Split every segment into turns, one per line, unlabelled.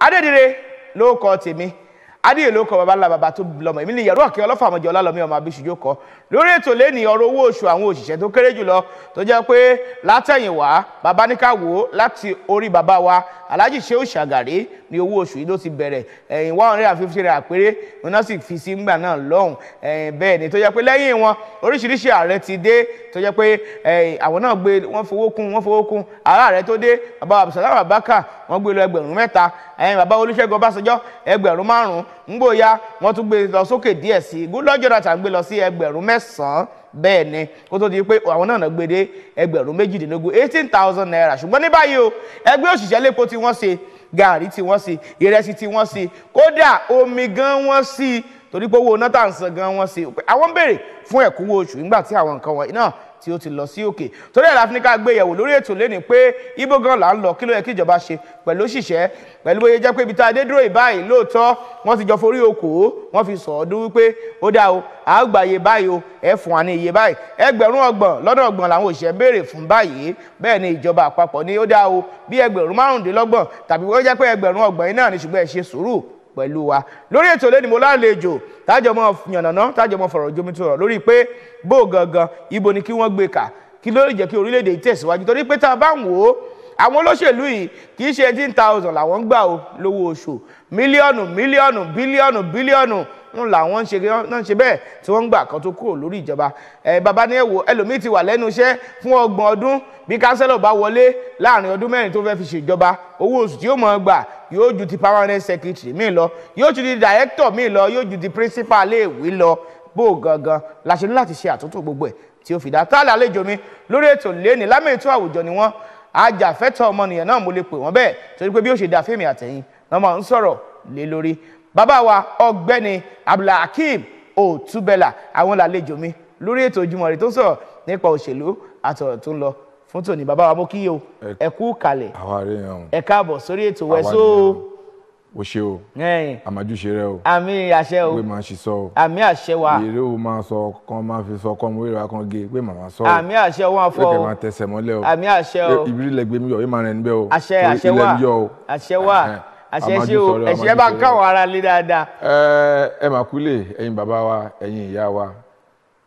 adédire ló kọ tèmi adéyè ló kọ baba ńlá baba tó lọmọ èmi ni yẹrù ọkẹ ọlọfà àmọjọ ọlálọmí ọmọ abisujú kọ lórí ètò lẹni ọ̀rọ̀ owó oṣù àwọn òṣìṣẹ́ tó kéré jùlọ tó jẹ́ pé látẹ̀yìnwá baba níka wò ó láti orí baba wa alhaji sheu shagari ni owó oṣù yìí ló ti bẹ̀rẹ̀ ẹ̀yìn one hundred and fifty naira péré iná sì fi sí ngbà náà lọ́hùn ẹ̀yìn bẹ́ẹ̀ ni tó jẹ́ pé lẹ́yìn wọn oríṣiríṣi ààrẹ ti dé tó jẹ́ pé àwọn náà gbé wọ́n fowó kún wọ́n fowó kún ààrẹ tó dé baba abdulsalam abubakar wọ́n gbé lọ ẹgbẹ̀rún mẹ́ta ẹ̀yìn bàbá olúṣẹ́gun ọbásanjọ́ ẹgbẹ̀rún márùn-ún ńgbòya wọ́n tún gbé lọ sókè díẹ̀ sí i Goodluck Jonathan gbé lọ sí ẹgbẹ̀rún mẹ́sàn-án bẹ́ẹ̀ ni kó tó di pé àwọn náà gbé dé ẹgbẹ̀rún méjìdínlógún eighteen thousand naira ṣùgbọ́n ní báyìí o ẹgbẹ́ òṣìṣẹ́ lépo tí wọ́n ṣe gàárì tí wọ́n ṣe ìrẹsì tí wọ́n ṣe kódà omi gan wọ́n sí i torí pé owó náà tà ń san gan wọ́n ṣe àwọn ń béèrè fún ẹ̀kúnwó oṣù nígbà tí àwọn nǹkan wọ̀nyí náà tí ó ti lọ sí òkè torí ẹ̀rọ afinika gbé yẹ̀wò lórí ètò lẹ́ni pé ibo gan là ń lọ kí ló yẹ kí ìjọba ṣe pẹ̀lú òṣìṣẹ́ pẹ̀lú bóyá jẹ́ pé ibi tá a dé dúró ìbáyìí lóòótọ́ wọ́n ti jọ forí okò ó wọ́n fi sọ̀ ọdún wípé ó dá o à á gbà iye báyìí o ẹ fún wa ní iye báyìí ẹgbẹ̀rún ọgbọ̀n lọ́nà ọgbọ̀n làwọn òṣìṣẹ́ béèrè fún báyìí bẹ́ẹ̀ ni ìjọba àpapọ̀ ni ó dá o bí ẹgbẹ̀rún márùndínlọ́gbọ̀n tàbí wọ́n jẹ́ pé ẹgbẹ̀rún ọgbọ̀n yìí náà ni ṣùgbọ́n ẹ ṣe sùúrù pẹ̀lú wa lórí ètò lẹ́nu mo lálejò tájọ mọ́ yànnàná tájọ mọ́ fọ̀rọ̀ jomi tòrọ̀ lórí pé bó gangan ibo ni kí wọ́n gbé kà kí ló lè jẹ́ kí orílẹ̀-èdè tẹ̀síwájú torí pé tá a bá ń wò ó àwọn olóṣèlú yìí kì í ṣe eighteen thousand làwọn ń gbà ó lówó oṣù mílíọ̀nù mílíọ̀nù bílíọ̀nù bílíọ̀nù ń la wọn ṣe náà ṣe bẹ́ẹ̀ tí wọ́n ń gbà kan tó kúrò lórí ìjọba ẹ bàbá ní ẹ̀wò ẹlòmíì ti wà lẹ́nu iṣẹ́ fún ọgbọ̀n ọdún bí kánsẹ́lọ̀ bá wọlé láàrin ọdún mẹ́rin tó fẹ́ẹ́ fi ṣèjọba owó oṣù tí ó mọ̀ ọ́n gbà yóò ju ti permanent secretary míì lọ yóò ju ti director míì lọ yóò ju ti principal iléèwé lọ bó gangan la ṣe ní láti ṣe àtúntò gbogbo ẹ̀ tí ó fi dá tá àlejò mi lórí ètò lẹ́ni lámẹ́ẹ̀tún àwùjọ ni wọ́n ajàfẹ́tọ̀ ọmọnìyàn náà mo lè pè wọ́n bẹ́ẹ̀ torí pé bí ó ṣe dá fèmí àtẹ̀yìn náà máa ń sọ̀rọ̀ lé lórí bàbá wa ọ̀gbẹ́ni abdulhakeem òtúbẹ̀là àwọn làlejò mi lórí ètò Ojúmọ́ Ire tó ń sọ̀rọ̀ nípa òṣèlú àtọ̀rọ̀ tó ń lọ fún tòní bàbá wa mo kí yìí o ẹ kú kalẹ̀ ẹ káàbọ̀ sórí ètò wẹ̀sọ́ o
o ṣe o àmàjúṣe rẹ o àmì àṣẹ o pé ṣe sọ o àmì àṣẹ wa èrè o máa sọ kan máa fi sọ kan mo rí ra kan gé pé màá sọ o àmì
àṣẹ o wọn fọ o pé màá tẹsẹ̀
mọ́lẹ̀ o àmì àṣẹ o ìbírí lẹgbẹ mi yọ ìmọ̀ rẹ níbẹ̀ o àṣẹ àṣẹ wa
àṣẹ wa àṣẹ ṣe o ẹṣẹ bá ń káwọn ara lé dáadáa.
ẹ máa kú lè ẹ̀yin bàbá wa ẹ̀yin ìyá wa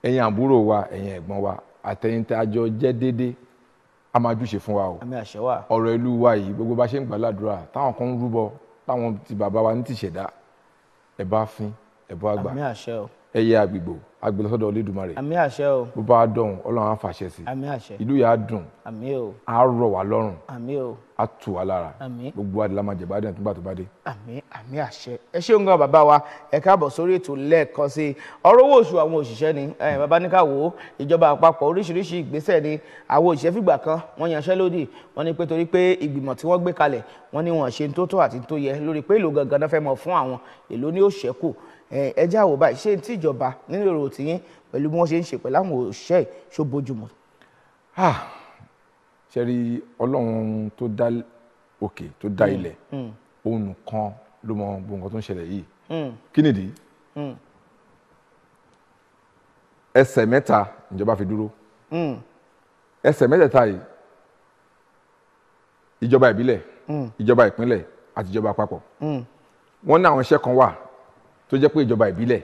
ẹ̀yin àbúrò wa ẹ̀yin ẹ̀gbọ́n wa àtẹ̀yìntàjọ jẹ́ déédéé a máa júṣe fún wa o ọ̀rọ̀ ìlú wa yìí gbogbo bá ṣe ń gbàládùra táwọn kan ń rúbọ táwọn ti bàbá wa ní tìṣẹ̀dá ẹ bá fín ẹ bá gbà ẹyẹ àgbègbò agbèlọ́sọ́dọ̀ olódùmarè. àmì àṣẹ o. bó bá dọ̀hún ọlọ́run á fàṣẹ sí. àmì àṣẹ. ìlú yà á dùn. àmì o. á rọ̀ wá lọ́rùn. àmì o. á tù wá lára. àmì. gbogbo adìlá máa jẹ̀bá dẹ̀ nígbà tó bá dé. àmì
àmì àṣẹ. ẹ ṣeun gan bàbá wa ẹ káàbọ̀ sórí ètò lẹ́ẹ̀kan sí i ọ̀rọ̀ owó oṣù àwọn òṣìṣẹ́ ni bàbá ní ká wò ó ìjọba àpapọ̀ oríṣiríṣi ìgbésẹ̀ ni àwọn òṣìṣẹ́ fìgbà kan wọ́n yanṣẹ́ lódì wọ́n ní pé torí pé ìgbìmọ̀ tí wọ́n gbé kalẹ̀ wọ́n ní wọ́n ṣe ń tó tó àti tó yẹ lórí pé èlò gangan náà fẹ́ mọ̀ fún àwọn èlò ní òṣẹ́kù ẹjẹ́ àwò báyìí ṣé tí ìjọba nínú èrò tìyín pẹ̀lú bí wọ́n ṣe ń ṣe pẹ̀lú àwọn òṣìṣẹ́ ṣó bójúmọ́.
ṣe rí ọlọ́run tó dá òkè tó dá hmm. ilẹ̀ hmm. òun nìkan ló mọ gbogbo nǹkan tó ń ṣẹlẹ̀ yìí hmm. kí nìdí ẹsẹ̀ mẹ́ta ìjọba fi dúró ẹsẹ̀ mẹ́tẹ̀ẹ̀ta yìí ìjọba ìbílẹ̀ ìjọba ìpínlẹ̀ àti ìjọba àpapọ̀ wọ́n ní àwọn iṣẹ́ kan wà tó jẹ́ pé ìjọba ìbílẹ̀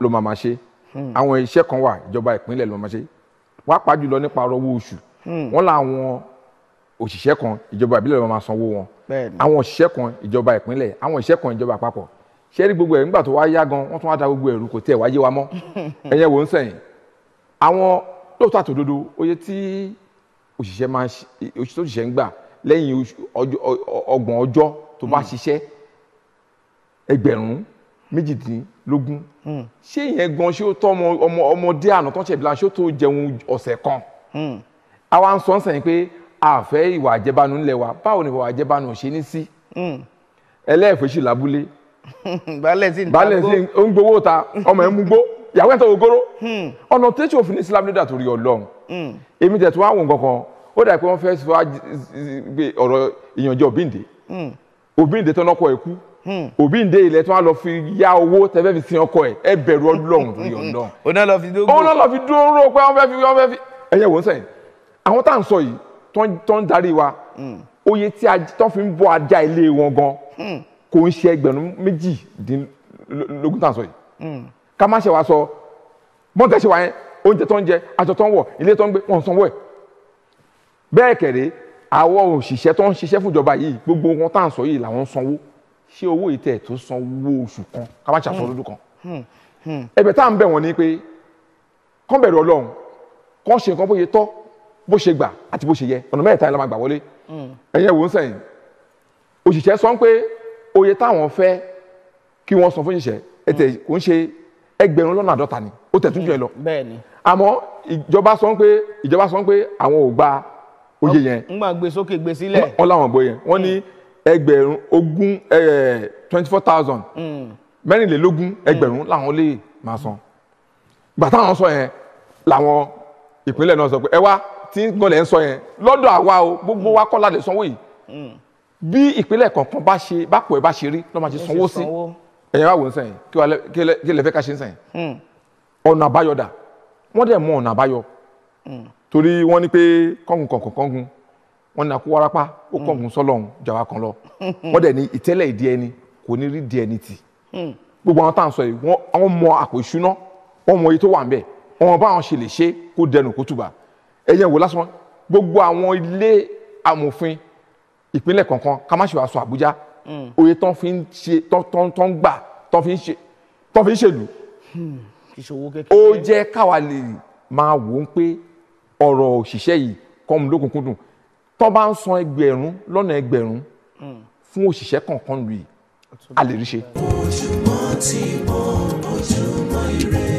ló máa ma ṣe hmm. àwọn iṣẹ́ kan wà ìjọba ìpínlẹ̀ ló máa ma ṣe wá pàjù lọ nípa ọ̀rọ̀ owó oṣù hmm. wọ́n láwọn òṣìṣẹ́ kan ìjọba ìbílẹ̀ ló máa sanwó wọn àwọn òṣìṣẹ́ kan ìjọba ìpínlẹ̀ àwọn òṣìṣẹ́ kan ìjọba àpapọ̀ ṣé rí gbogbo ẹ̀ nígbà tó wá yá gan wọ́n tún wá da gbogbo ẹ̀rù kò tẹ̀ wáyé wa mọ́ ẹ̀yẹ wò ń sẹ̀yìn àwọn lóòótọ́ àtòdodo oye tí òṣìṣẹ́ máa òṣìṣẹ́ ń gbà lẹ́yìn ọgbọ̀n ọjọ́ tó bá hmm. ṣiṣẹ́ ẹgbẹ̀rún méjìdínlógún hmm. ṣé ìyẹn gan ṣé ó tọ́ ọmọ ọmọdé àná tó ń ṣe ìbílà ṣé ó tó jẹun ọ̀sẹ̀ kan àwa hmm. ń sọ ń sẹ́yìn pé àfẹ́ ìwà àjẹbánu ńlẹ̀ wa báwo ni ìwà àjẹbánu ò ṣe ní sí hmm. ẹlẹ́ẹ̀fẹ́sì lábúlé balẹ̀ sí ń gbowó ta ọmọ ẹ̀ ń gbó ìyàwó ẹ̀ tó gogoro ọ̀nà tẹ́sí òfin ní sílámù lẹ́dà torí ọlọ́run èmi tẹ̀ tún wá wọn kankan ó dà pé wọ́n fẹ́ sọ ọ̀rọ̀ ìyànjẹ́ òbíǹde òbíǹde tọ́nà kọ ẹ̀kú òbí ń dé ilẹ̀ tí wọ́n á lọ fi yá owó tẹ́fẹ́ fi sin ọkọ ẹ̀ ẹ bẹ̀rù ọlọ́run torí hmm, hmm, hmm. ọ̀nà. òun náà lọ fi dúró. òun náà lọ fi dúró pé wọ́n fẹ́ fi wọ́n fẹ́ fi. ẹ̀yẹ wò ó sẹ́yìn àwọn tá à ń sọ yìí tó ń darí wa oye tí tó fi ń bọ́ ajá ilé wọn gan kò ń ṣe ẹgbẹ̀rún méjìdínlógún tá à ń sọ yìí. ká má ṣe wá sọ bọ́ńtẹ́ ṣe wá yẹn oúnjẹ tó ń jẹ aṣọ tó ń wọ̀ ilé tó ń gbé wọn sanwó ẹ̀ bẹ́ẹ̀ kẹ̀rẹ́ àwọn òṣìṣẹ́ tó ń ṣé owó ìtẹ̀ tó san owó oṣù kan ká má ṣàṣọ lójú kan hmm, hmm, hmm. ẹ̀bẹ̀ tá à ń bẹ̀ wọ́n ni pé kán bẹ̀rù ọlọ́run kán ṣe nǹkan bó ṣe tọ́ bó ṣe gbà àti bó ṣe yẹ ọ̀nà mẹ́ta ẹ̀ la máa gbà wọlé ẹ̀yẹ wò ń sẹ́yìn òṣìṣẹ́ sọ pé oye táwọn fẹ́ kí wọ́n san fún òṣìṣẹ́ ẹ̀tẹ̀ kò ń ṣe ẹgbẹ̀rún lọ́nà àádọ́ta ni ó tẹ̀ tún jù ẹ lọ àmọ́ ìjọba sọ pé ìjọba sọ pé àwọn ò gba oye yẹn ń gbà gbé sókè gbé sílẹ̀ wọ́n láwọn gbọ́ yẹn wọ́n ní ẹgbẹ̀rún ogún twenty four thousand hmm. mẹ́rìnlélógún hmm. ẹgbẹ̀rún làwọn lè máa san gbà táwọn sọ yẹn làwọn ìpínlẹ̀ náà sọ pé ẹ wá tí gbọ́dọ̀ ń sọ yẹn lọ́dọ̀ àwa o gbogbo wa kọ́ la lè sanwó yìí hmm. bí ìpínlẹ̀ kọ̀ọ̀kan bá ṣe bápò ẹ̀ bá ṣe rí lọ́ọ́ máa ṣe sanwó sí ẹ̀yìn wá wò ń sẹ́yìn kí lè fẹ́ ká ṣe ń sẹ́yìn ọ̀nà àbáyọ dà wọ́n dẹ̀ mọ ọ̀nà àbáyọ torí wọ́n ní pé kọ́ngun kọ̀ọ̀kan kọ́ngun wọ́n ní akó warapa ó kọ̀ǹkùn hmm. sọ́lọ́hún jàwá kan lọ wọ́n dẹ̀ ní ìtẹ́lẹ̀ ìdí ẹni kò ní rí di ẹni tì hmm. gbogbo àwọn tá à ń sọ yìí wọ́n mọ àpò ìṣúná wọ́n mọ iye tó wà ń bẹ̀ wọ́n bá àwọn ṣe lè ṣe kó dẹnu kó tùbà ẹ̀yẹ wò lásán gbogbo àwọn ilé amòfin ìpínlẹ̀ kọ̀ọ̀kan ká má Àbújá hmm. oye tán fi ń ṣe tán ń gbà tán fi ń ṣe tán fi ń ṣèlú ó jẹ́ káwa lè máa wò ó pé ọ̀rọ̀ òṣìṣẹ́ yìí kọ́ mu lókùnkúndùn tó bá ń san ẹgbẹ̀rún lọ́nà ẹgbẹ̀rún hmm. fún òṣìṣẹ́ kọ̀ọ̀kan lu yìí a lè rí ojúmọ́ ti mọ́ ojúmọ́ ire.